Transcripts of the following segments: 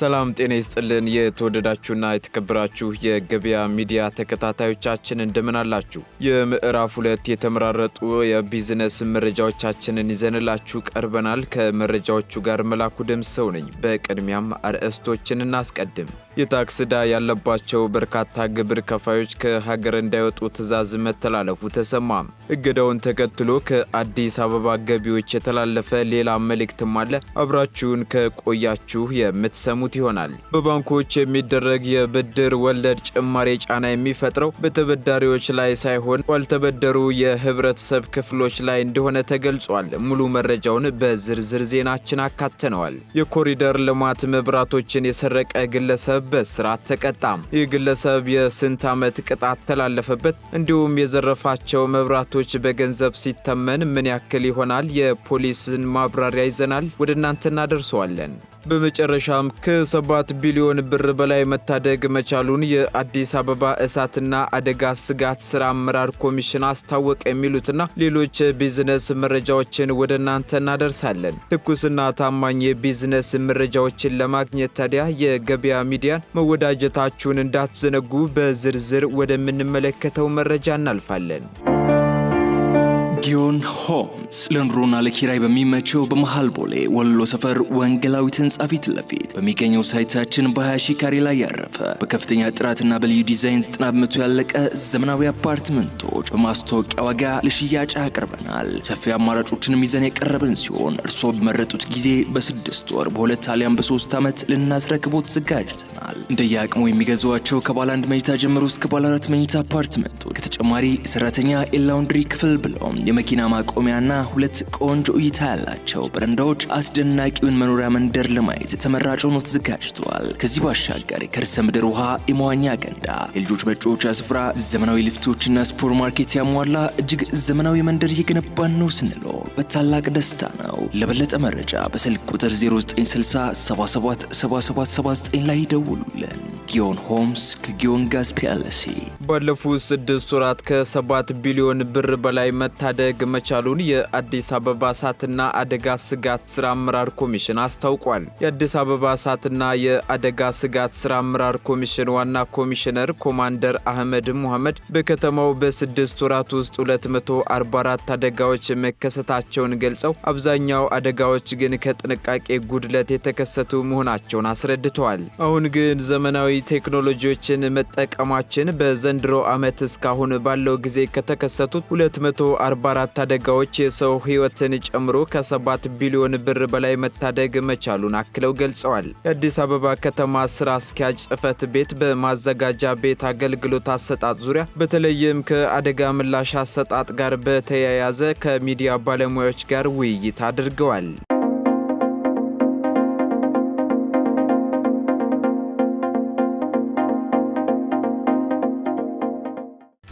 ሰላም ጤና ይስጥልን። የተወደዳችሁና የተከበራችሁ የገበያ ሚዲያ ተከታታዮቻችን እንደምን አላችሁ? የምዕራፍ ሁለት የተመራረጡ የቢዝነስ መረጃዎቻችንን ይዘንላችሁ ቀርበናል። ከመረጃዎቹ ጋር መላኩ ደምሰው ነኝ። በቅድሚያም አርዕስቶችን እናስቀድም። የታክስ ዕዳ ያለባቸው በርካታ ግብር ከፋዮች ከሀገር እንዳይወጡ ትዕዛዝ መተላለፉ ተሰማም። እገዳውን ተከትሎ ከአዲስ አበባ ገቢዎች የተላለፈ ሌላ መልእክትም አለ። አብራችሁን ከቆያችሁ የምትሰሙ የሚያስፈጽሙት ይሆናል። በባንኮች የሚደረግ የብድር ወለድ ጭማሪ ጫና የሚፈጥረው በተበዳሪዎች ላይ ሳይሆን ባልተበደሩ የህብረተሰብ ክፍሎች ላይ እንደሆነ ተገልጿል። ሙሉ መረጃውን በዝርዝር ዜናችን አካተነዋል። የኮሪደር ልማት መብራቶችን የሰረቀ ግለሰብ በእስራት ተቀጣም። ይህ ግለሰብ የስንት ዓመት ቅጣት ተላለፈበት? እንዲሁም የዘረፋቸው መብራቶች በገንዘብ ሲተመን ምን ያክል ይሆናል? የፖሊስን ማብራሪያ ይዘናል፣ ወደ እናንተ እናደርሰዋለን። በመጨረሻም ከሰባት ቢሊዮን ብር በላይ መታደግ መቻሉን የአዲስ አበባ እሳትና አደጋ ስጋት ስራ አመራር ኮሚሽን አስታወቀ። የሚሉትና ሌሎች ቢዝነስ መረጃዎችን ወደ እናንተ እናደርሳለን። ትኩስና ታማኝ የቢዝነስ መረጃዎችን ለማግኘት ታዲያ የገበያ ሚዲያን መወዳጀታችሁን እንዳትዘነጉ። በዝርዝር ወደምንመለከተው መረጃ እናልፋለን። ጊዮን ሆምስ ለኑሮና ለኪራይ በሚመቸው በመሃል ቦሌ ወሎ ሰፈር ወንጌላዊት ህንፃ ፊት ለፊት በሚገኘው ሳይታችን በ20 ሺ ካሬ ላይ ያረፈ በከፍተኛ ጥራትና በልዩ ዲዛይን ዘጠና በመቶ ያለቀ ዘመናዊ አፓርትመንቶች በማስታወቂያ ዋጋ ለሽያጭ አቅርበናል። ሰፊ አማራጮችን ይዘን የቀረብን ሲሆን እርስዎ በመረጡት ጊዜ በስድስት ወር በሁለት አሊያም በሶስት ዓመት ልናስረክቦት ተዘጋጅተናል። እንደየአቅሙ የሚገዟቸው ከባለ አንድ መኝታ ጀምሮ እስከ ባለ አራት መኝታ አፓርትመንቶች ከተጨማሪ ሰራተኛ የላውንድሪ ክፍል ብለውም የመኪና ማቆሚያና ሁለት ቆንጆ እይታ ያላቸው በረንዳዎች አስደናቂውን መኖሪያ መንደር ለማየት ተመራጭ ሆኖ ተዘጋጅተዋል። ከዚህ ባሻገር ከርሰ ምድር ውሃ፣ የመዋኛ ገንዳ፣ የልጆች መጫወቻ ስፍራ፣ ዘመናዊ ልፍቶችና ሱፐር ማርኬት ያሟላ እጅግ ዘመናዊ መንደር እየገነባን ነው ስንለው በታላቅ ደስታ ነው። ለበለጠ መረጃ በስልክ ቁጥር 0960 777779 ላይ ይደውሉልን። ጊዮን ሆምስ ከጊዮን ጋዝ ፒኤልሲ ባለፉት ስድስት ወራት ከሰባት ቢሊዮን ብር በላይ መታደግ መቻሉን የአዲስ አበባ እሳትና አደጋ ስጋት ስራ አመራር ኮሚሽን አስታውቋል። የአዲስ አበባ እሳትና የአደጋ ስጋት ስራ አመራር ኮሚሽን ዋና ኮሚሽነር ኮማንደር አህመድ ሙሐመድ በከተማው በስድስት ወራት ውስጥ 244 አደጋዎች መከሰታቸውን ገልጸው አብዛኛው አደጋዎች ግን ከጥንቃቄ ጉድለት የተከሰቱ መሆናቸውን አስረድተዋል። አሁን ግን ዘመናዊ ቴክኖሎጂዎችን መጠቀማችን በዘንድሮ ዓመት እስካሁን ባለው ጊዜ ከተከሰቱት 244 አደጋዎች የሰው ሕይወትን ጨምሮ ከ7 ቢሊዮን ብር በላይ መታደግ መቻሉን አክለው ገልጸዋል። የአዲስ አበባ ከተማ ስራ አስኪያጅ ጽፈት ቤት በማዘጋጃ ቤት አገልግሎት አሰጣጥ ዙሪያ በተለይም ከአደጋ ምላሽ አሰጣጥ ጋር በተያያዘ ከሚዲያ ባለሙያዎች ጋር ውይይት አድርገዋል።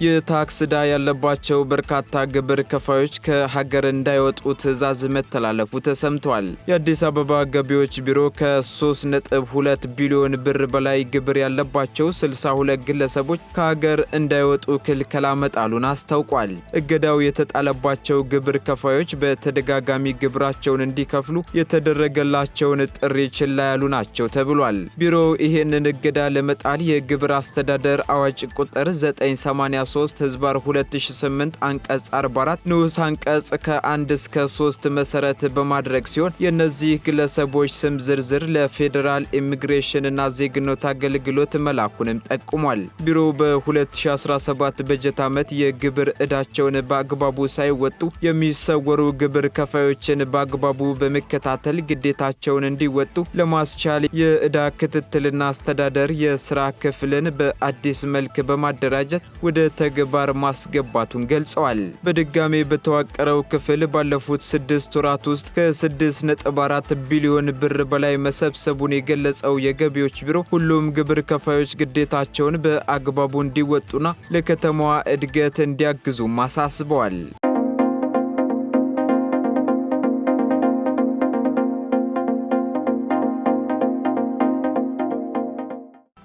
የታክስ ዕዳ ያለባቸው በርካታ ግብር ከፋዮች ከሀገር እንዳይወጡ ትዕዛዝ መተላለፉ ተሰምቷል። የአዲስ አበባ ገቢዎች ቢሮ ከ3.2 ቢሊዮን ብር በላይ ግብር ያለባቸው 62 ግለሰቦች ከሀገር እንዳይወጡ ክልከላ መጣሉን አስታውቋል። እገዳው የተጣለባቸው ግብር ከፋዮች በተደጋጋሚ ግብራቸውን እንዲከፍሉ የተደረገላቸውን ጥሪ ችላ ያሉ ናቸው ተብሏል። ቢሮው ይህንን እገዳ ለመጣል የግብር አስተዳደር አዋጭ ቁጥር 98 13 ህዝባር 2008 አንቀጽ 44 ንዑስ አንቀጽ ከ1 እስከ 3 መሰረት በማድረግ ሲሆን የእነዚህ ግለሰቦች ስም ዝርዝር ለፌዴራል ኢሚግሬሽንና ዜግነት አገልግሎት መላኩንም ጠቁሟል። ቢሮው በ2017 በጀት ዓመት የግብር ዕዳቸውን በአግባቡ ሳይወጡ የሚሰወሩ ግብር ከፋዮችን በአግባቡ በመከታተል ግዴታቸውን እንዲወጡ ለማስቻል የዕዳ ክትትልና አስተዳደር የስራ ክፍልን በአዲስ መልክ በማደራጀት ወደ ተግባር ማስገባቱን ገልጸዋል። በድጋሜ በተዋቀረው ክፍል ባለፉት ስድስት ወራት ውስጥ ከ አራት ቢሊዮን ብር በላይ መሰብሰቡን የገለጸው የገቢዎች ቢሮ ሁሉም ግብር ከፋዮች ግዴታቸውን በአግባቡ እንዲወጡና ለከተማዋ እድገት እንዲያግዙም አሳስበዋል።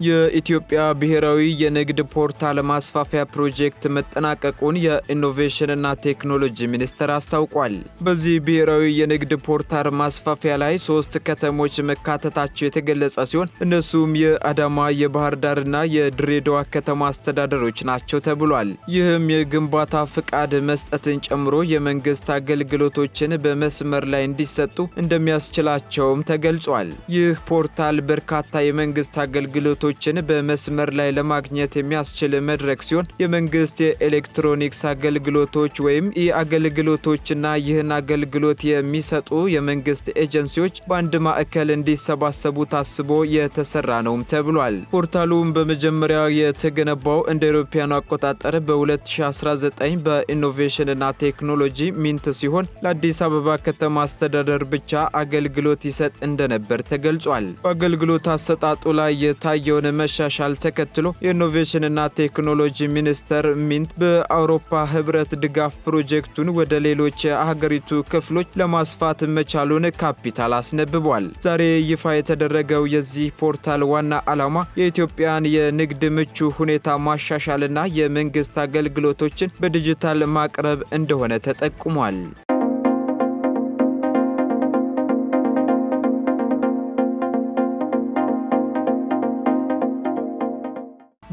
የኢትዮጵያ ብሔራዊ የንግድ ፖርታል ማስፋፊያ ፕሮጀክት መጠናቀቁን የኢኖቬሽንና ቴክኖሎጂ ሚኒስቴር አስታውቋል። በዚህ ብሔራዊ የንግድ ፖርታል ማስፋፊያ ላይ ሶስት ከተሞች መካተታቸው የተገለጸ ሲሆን እነሱም የአዳማ፣ የባህር ዳርና የድሬዳዋ ከተማ አስተዳደሮች ናቸው ተብሏል። ይህም የግንባታ ፍቃድ መስጠትን ጨምሮ የመንግስት አገልግሎቶችን በመስመር ላይ እንዲሰጡ እንደሚያስችላቸውም ተገልጿል። ይህ ፖርታል በርካታ የመንግስት አገልግሎቶች ዜጎችን በመስመር ላይ ለማግኘት የሚያስችል መድረክ ሲሆን የመንግስት የኤሌክትሮኒክስ አገልግሎቶች ወይም የአገልግሎቶችና አገልግሎቶችና ይህን አገልግሎት የሚሰጡ የመንግስት ኤጀንሲዎች በአንድ ማዕከል እንዲሰባሰቡ ታስቦ የተሰራ ነውም ተብሏል። ፖርታሉም በመጀመሪያ የተገነባው እንደ አውሮፓውያኑ አቆጣጠር በ2019 በኢኖቬሽንና ቴክኖሎጂ ሚንት ሲሆን ለአዲስ አበባ ከተማ አስተዳደር ብቻ አገልግሎት ይሰጥ እንደነበር ተገልጿል። በአገልግሎት አሰጣጡ ላይ የታየውን ያለውን መሻሻል ተከትሎ የኢኖቬሽንና ቴክኖሎጂ ሚኒስቴር ሚንት በአውሮፓ ህብረት ድጋፍ ፕሮጀክቱን ወደ ሌሎች የአገሪቱ ክፍሎች ለማስፋት መቻሉን ካፒታል አስነብቧል። ዛሬ ይፋ የተደረገው የዚህ ፖርታል ዋና ዓላማ የኢትዮጵያን የንግድ ምቹ ሁኔታ ማሻሻልና የመንግስት አገልግሎቶችን በዲጂታል ማቅረብ እንደሆነ ተጠቁሟል።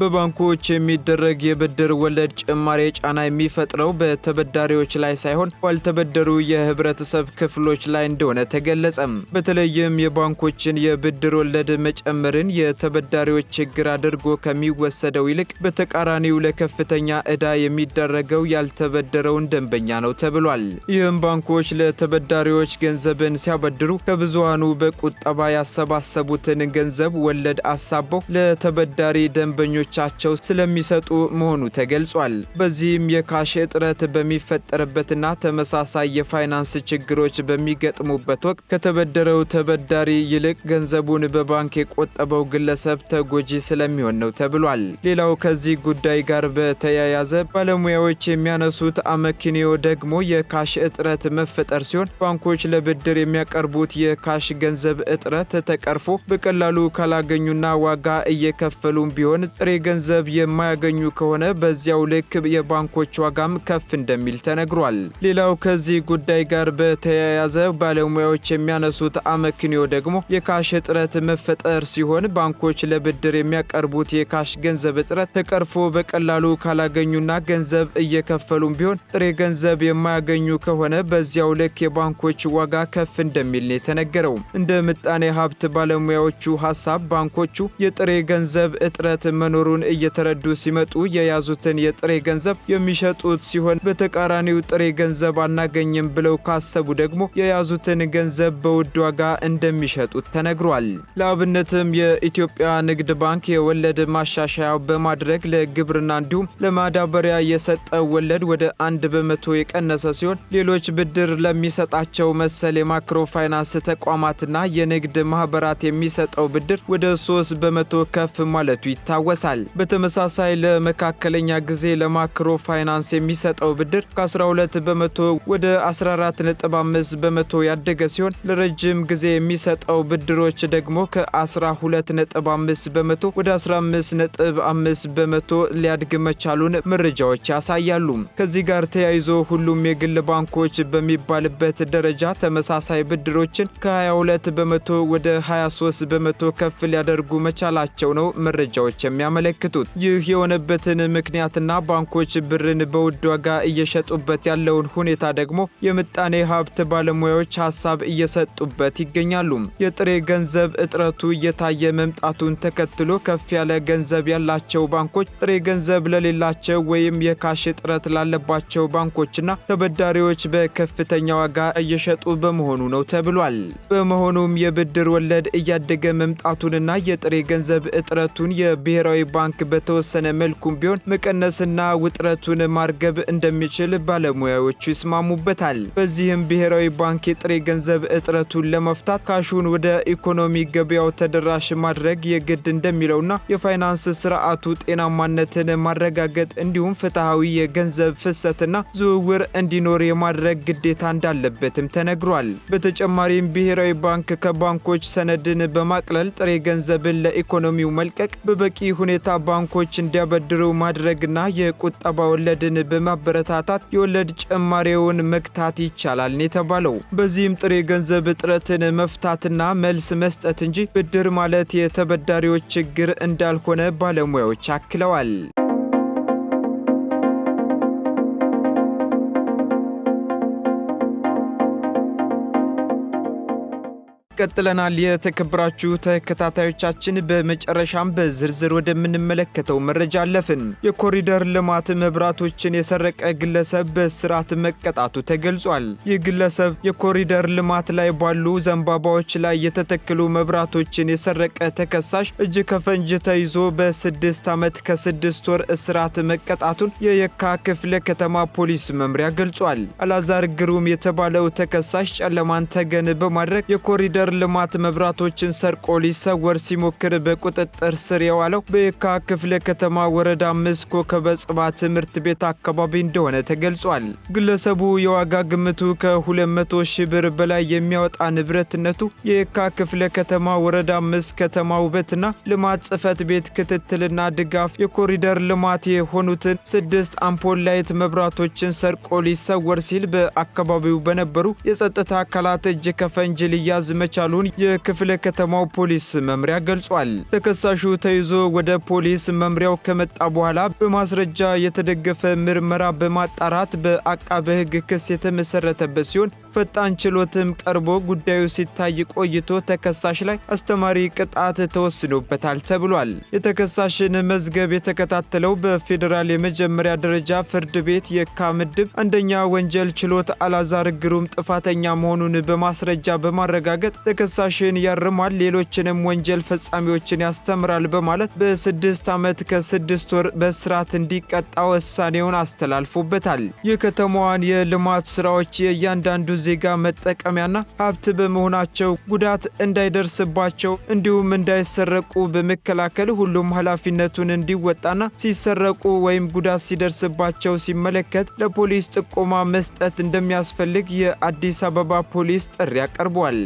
በባንኮች የሚደረግ የብድር ወለድ ጭማሪ ጫና የሚፈጥረው በተበዳሪዎች ላይ ሳይሆን ባልተበደሩ የህብረተሰብ ክፍሎች ላይ እንደሆነ ተገለጸም። በተለይም የባንኮችን የብድር ወለድ መጨመርን የተበዳሪዎች ችግር አድርጎ ከሚወሰደው ይልቅ በተቃራኒው ለከፍተኛ ዕዳ የሚደረገው ያልተበደረውን ደንበኛ ነው ተብሏል። ይህም ባንኮች ለተበዳሪዎች ገንዘብን ሲያበድሩ ከብዙሃኑ በቁጠባ ያሰባሰቡትን ገንዘብ ወለድ አሳበው ለተበዳሪ ደንበኞች ለደንበኞቻቸው ስለሚሰጡ መሆኑ ተገልጿል። በዚህም የካሽ እጥረት በሚፈጠርበትና ተመሳሳይ የፋይናንስ ችግሮች በሚገጥሙበት ወቅት ከተበደረው ተበዳሪ ይልቅ ገንዘቡን በባንክ የቆጠበው ግለሰብ ተጎጂ ስለሚሆን ነው ተብሏል። ሌላው ከዚህ ጉዳይ ጋር በተያያዘ ባለሙያዎች የሚያነሱት አመክንዮ ደግሞ የካሽ እጥረት መፈጠር ሲሆን ባንኮች ለብድር የሚያቀርቡት የካሽ ገንዘብ እጥረት ተቀርፎ በቀላሉ ካላገኙና ዋጋ እየከፈሉም ቢሆን ጥሬ ገንዘብ የማያገኙ ከሆነ በዚያው ልክ የባንኮች ዋጋም ከፍ እንደሚል ተነግሯል። ሌላው ከዚህ ጉዳይ ጋር በተያያዘ ባለሙያዎች የሚያነሱት አመክንዮ ደግሞ የካሽ እጥረት መፈጠር ሲሆን ባንኮች ለብድር የሚያቀርቡት የካሽ ገንዘብ እጥረት ተቀርፎ በቀላሉ ካላገኙና ገንዘብ እየከፈሉም ቢሆን ጥሬ ገንዘብ የማያገኙ ከሆነ በዚያው ልክ የባንኮች ዋጋ ከፍ እንደሚል ነው የተነገረው። እንደ ምጣኔ ሀብት ባለሙያዎቹ ሀሳብ ባንኮቹ የጥሬ ገንዘብ እጥረት መኖር መኖሩን እየተረዱ ሲመጡ የያዙትን የጥሬ ገንዘብ የሚሸጡት ሲሆን በተቃራኒው ጥሬ ገንዘብ አናገኝም ብለው ካሰቡ ደግሞ የያዙትን ገንዘብ በውድ ዋጋ እንደሚሸጡት ተነግሯል። ለአብነትም የኢትዮጵያ ንግድ ባንክ የወለድ ማሻሻያ በማድረግ ለግብርና እንዲሁም ለማዳበሪያ የሰጠው ወለድ ወደ አንድ በመቶ የቀነሰ ሲሆን ሌሎች ብድር ለሚሰጣቸው መሰል የማክሮ ፋይናንስ ተቋማትና የንግድ ማህበራት የሚሰጠው ብድር ወደ ሶስት በመቶ ከፍ ማለቱ ይታወሳል። ይሰጣል። በተመሳሳይ ለመካከለኛ ጊዜ ለማክሮ ፋይናንስ የሚሰጠው ብድር ከ12 በመቶ ወደ 14.5 በመቶ ያደገ ሲሆን ለረጅም ጊዜ የሚሰጠው ብድሮች ደግሞ ከ12.5 በመቶ ወደ 15.5 በመቶ ሊያድግ መቻሉን መረጃዎች ያሳያሉ። ከዚህ ጋር ተያይዞ ሁሉም የግል ባንኮች በሚባልበት ደረጃ ተመሳሳይ ብድሮችን ከ22 በመቶ ወደ 23 በመቶ ከፍ ሊያደርጉ መቻላቸው ነው መረጃዎች የሚያመለ ያመለክቱት። ይህ የሆነበትን ምክንያትና ባንኮች ብርን በውድ ዋጋ እየሸጡበት ያለውን ሁኔታ ደግሞ የምጣኔ ሀብት ባለሙያዎች ሀሳብ እየሰጡበት ይገኛሉ። የጥሬ ገንዘብ እጥረቱ እየታየ መምጣቱን ተከትሎ ከፍ ያለ ገንዘብ ያላቸው ባንኮች ጥሬ ገንዘብ ለሌላቸው ወይም የካሽ እጥረት ላለባቸው ባንኮችና ተበዳሪዎች በከፍተኛ ዋጋ እየሸጡ በመሆኑ ነው ተብሏል። በመሆኑም የብድር ወለድ እያደገ መምጣቱንና የጥሬ ገንዘብ እጥረቱን የብሔራዊ ባንክ በተወሰነ መልኩም ቢሆን መቀነስና ውጥረቱን ማርገብ እንደሚችል ባለሙያዎቹ ይስማሙበታል። በዚህም ብሔራዊ ባንክ የጥሬ ገንዘብ እጥረቱን ለመፍታት ካሹን ወደ ኢኮኖሚ ገበያው ተደራሽ ማድረግ የግድ እንደሚለውና የፋይናንስ ስርዓቱ ጤናማነትን ማረጋገጥ እንዲሁም ፍትሐዊ የገንዘብ ፍሰትና ዝውውር እንዲኖር የማድረግ ግዴታ እንዳለበትም ተነግሯል። በተጨማሪም ብሔራዊ ባንክ ከባንኮች ሰነድን በማቅለል ጥሬ ገንዘብን ለኢኮኖሚው መልቀቅ በበቂ ሁኔታ በቀጥታ ባንኮች እንዲያበድሩ ማድረግና የቁጠባ ወለድን በማበረታታት የወለድ ጭማሬውን መግታት ይቻላል የተባለው። በዚህም ጥሬ ገንዘብ እጥረትን መፍታትና መልስ መስጠት እንጂ ብድር ማለት የተበዳሪዎች ችግር እንዳልሆነ ባለሙያዎች አክለዋል። ቀጥለናል። የተከበራችሁ ተከታታዮቻችን፣ በመጨረሻም በዝርዝር ወደምንመለከተው መረጃ አለፍን። የኮሪደር ልማት መብራቶችን የሰረቀ ግለሰብ በስርዓት መቀጣቱ ተገልጿል። ይህ ግለሰብ የኮሪደር ልማት ላይ ባሉ ዘንባባዎች ላይ የተተከሉ መብራቶችን የሰረቀ ተከሳሽ እጅ ከፈንጅ ተይዞ በስድስት ዓመት ከስድስት ወር እስራት መቀጣቱን የየካ ክፍለ ከተማ ፖሊስ መምሪያ ገልጿል። አላዛር ግሩም የተባለው ተከሳሽ ጨለማን ተገን በማድረግ የኮሪደር የኮሪደር ልማት መብራቶችን ሰርቆ ሊሰወር ሲሞክር በቁጥጥር ስር የዋለው በየካ ክፍለ ከተማ ወረዳ አምስት ኮከበ ጽባ ትምህርት ቤት አካባቢ እንደሆነ ተገልጿል። ግለሰቡ የዋጋ ግምቱ ከ200 ሺህ ብር በላይ የሚያወጣ ንብረትነቱ የየካ ክፍለ ከተማ ወረዳ አምስት ከተማ ውበትና ልማት ጽሕፈት ቤት ክትትልና ድጋፍ የኮሪደር ልማት የሆኑትን ስድስት አምፖል ላይት መብራቶችን ሰርቆ ሊሰወር ሲል በአካባቢው በነበሩ የጸጥታ አካላት እጅ ከፈንጅ ሊያዝ መ መቻሉን የክፍለ ከተማው ፖሊስ መምሪያ ገልጿል። ተከሳሹ ተይዞ ወደ ፖሊስ መምሪያው ከመጣ በኋላ በማስረጃ የተደገፈ ምርመራ በማጣራት በአቃቤ ሕግ ክስ የተመሰረተበት ሲሆን ፈጣን ችሎትም ቀርቦ ጉዳዩ ሲታይ ቆይቶ ተከሳሽ ላይ አስተማሪ ቅጣት ተወስኖበታል ተብሏል። የተከሳሽን መዝገብ የተከታተለው በፌዴራል የመጀመሪያ ደረጃ ፍርድ ቤት የካ ምድብ አንደኛ ወንጀል ችሎት አላዛር ግሩም ጥፋተኛ መሆኑን በማስረጃ በማረጋገጥ ተከሳሽን ያርማል፣ ሌሎችንም ወንጀል ፈጻሚዎችን ያስተምራል በማለት በስድስት ዓመት ከስድስት ወር በስራት እንዲቀጣ ውሳኔውን አስተላልፎበታል። የከተማዋን የልማት ስራዎች የእያንዳንዱ ዜጋ መጠቀሚያና ሀብት በመሆናቸው ጉዳት እንዳይደርስባቸው እንዲሁም እንዳይሰረቁ በመከላከል ሁሉም ኃላፊነቱን እንዲወጣና ሲሰረቁ ወይም ጉዳት ሲደርስባቸው ሲመለከት ለፖሊስ ጥቆማ መስጠት እንደሚያስፈልግ የአዲስ አበባ ፖሊስ ጥሪ አቀርቧል።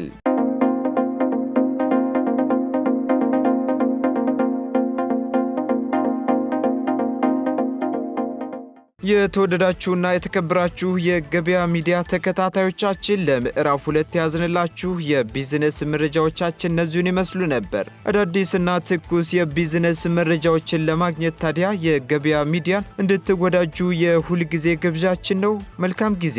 የተወደዳችሁና የተከበራችሁ የገበያ ሚዲያ ተከታታዮቻችን ለምዕራፍ ሁለት የያዝንላችሁ የቢዝነስ መረጃዎቻችን እነዚሁን ይመስሉ ነበር። አዳዲስና ትኩስ የቢዝነስ መረጃዎችን ለማግኘት ታዲያ የገበያ ሚዲያን እንድትወዳጁ የሁልጊዜ ግብዣችን ነው። መልካም ጊዜ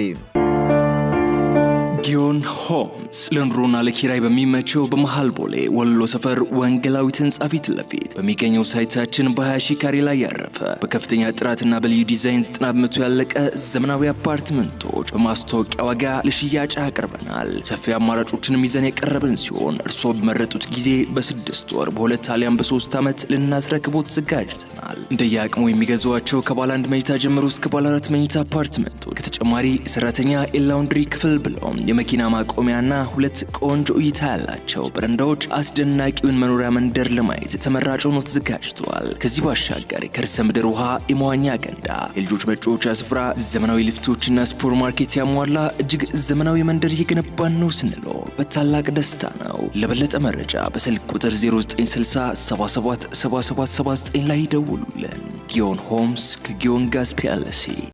ጊዮን ሆምስ ለኑሮና ለኪራይ በሚመቸው በመሃል ቦሌ ወሎ ሰፈር ወንጌላዊት ህንፃ ፊት ለፊት በሚገኘው ሳይታችን በ20 ሺ ካሬ ላይ ያረፈ በከፍተኛ ጥራትና በልዩ ዲዛይን 90 በመቶ ያለቀ ዘመናዊ አፓርትመንቶች በማስታወቂያ ዋጋ ለሽያጭ አቅርበናል። ሰፊ አማራጮችን ይዘን የቀረብን ሲሆን እርስዎ በመረጡት ጊዜ በስድስት ወር በሁለት አሊያም በሶስት ዓመት ልናስረክቦት ዘጋጅተናል። እንደየአቅሙ የሚገዟቸው ከባለ አንድ መኝታ ጀምሮ እስከ ባለ አራት መኝታ አፓርትመንቶች ከተጨማሪ ሰራተኛ የላውንድሪ ክፍል ብለውም የመኪና ማቆሚያና ሁለት ቆንጆ እይታ ያላቸው በረንዳዎች አስደናቂውን መኖሪያ መንደር ለማየት ተመራጭ ሆኖ ተዘጋጅተዋል። ከዚህ ባሻገር የከርሰ ምድር ውሃ፣ የመዋኛ ገንዳ፣ የልጆች መጫወቻ ስፍራ፣ ዘመናዊ ሊፍቶችና ሱፐርማርኬት ማርኬት ያሟላ እጅግ ዘመናዊ መንደር እየገነባን ነው ስንለው በታላቅ ደስታ ነው። ለበለጠ መረጃ በስልክ ቁጥር 0960 777779 ላይ ይደውሉልን። ጊዮን ሆምስ ከጊዮን ጋዝ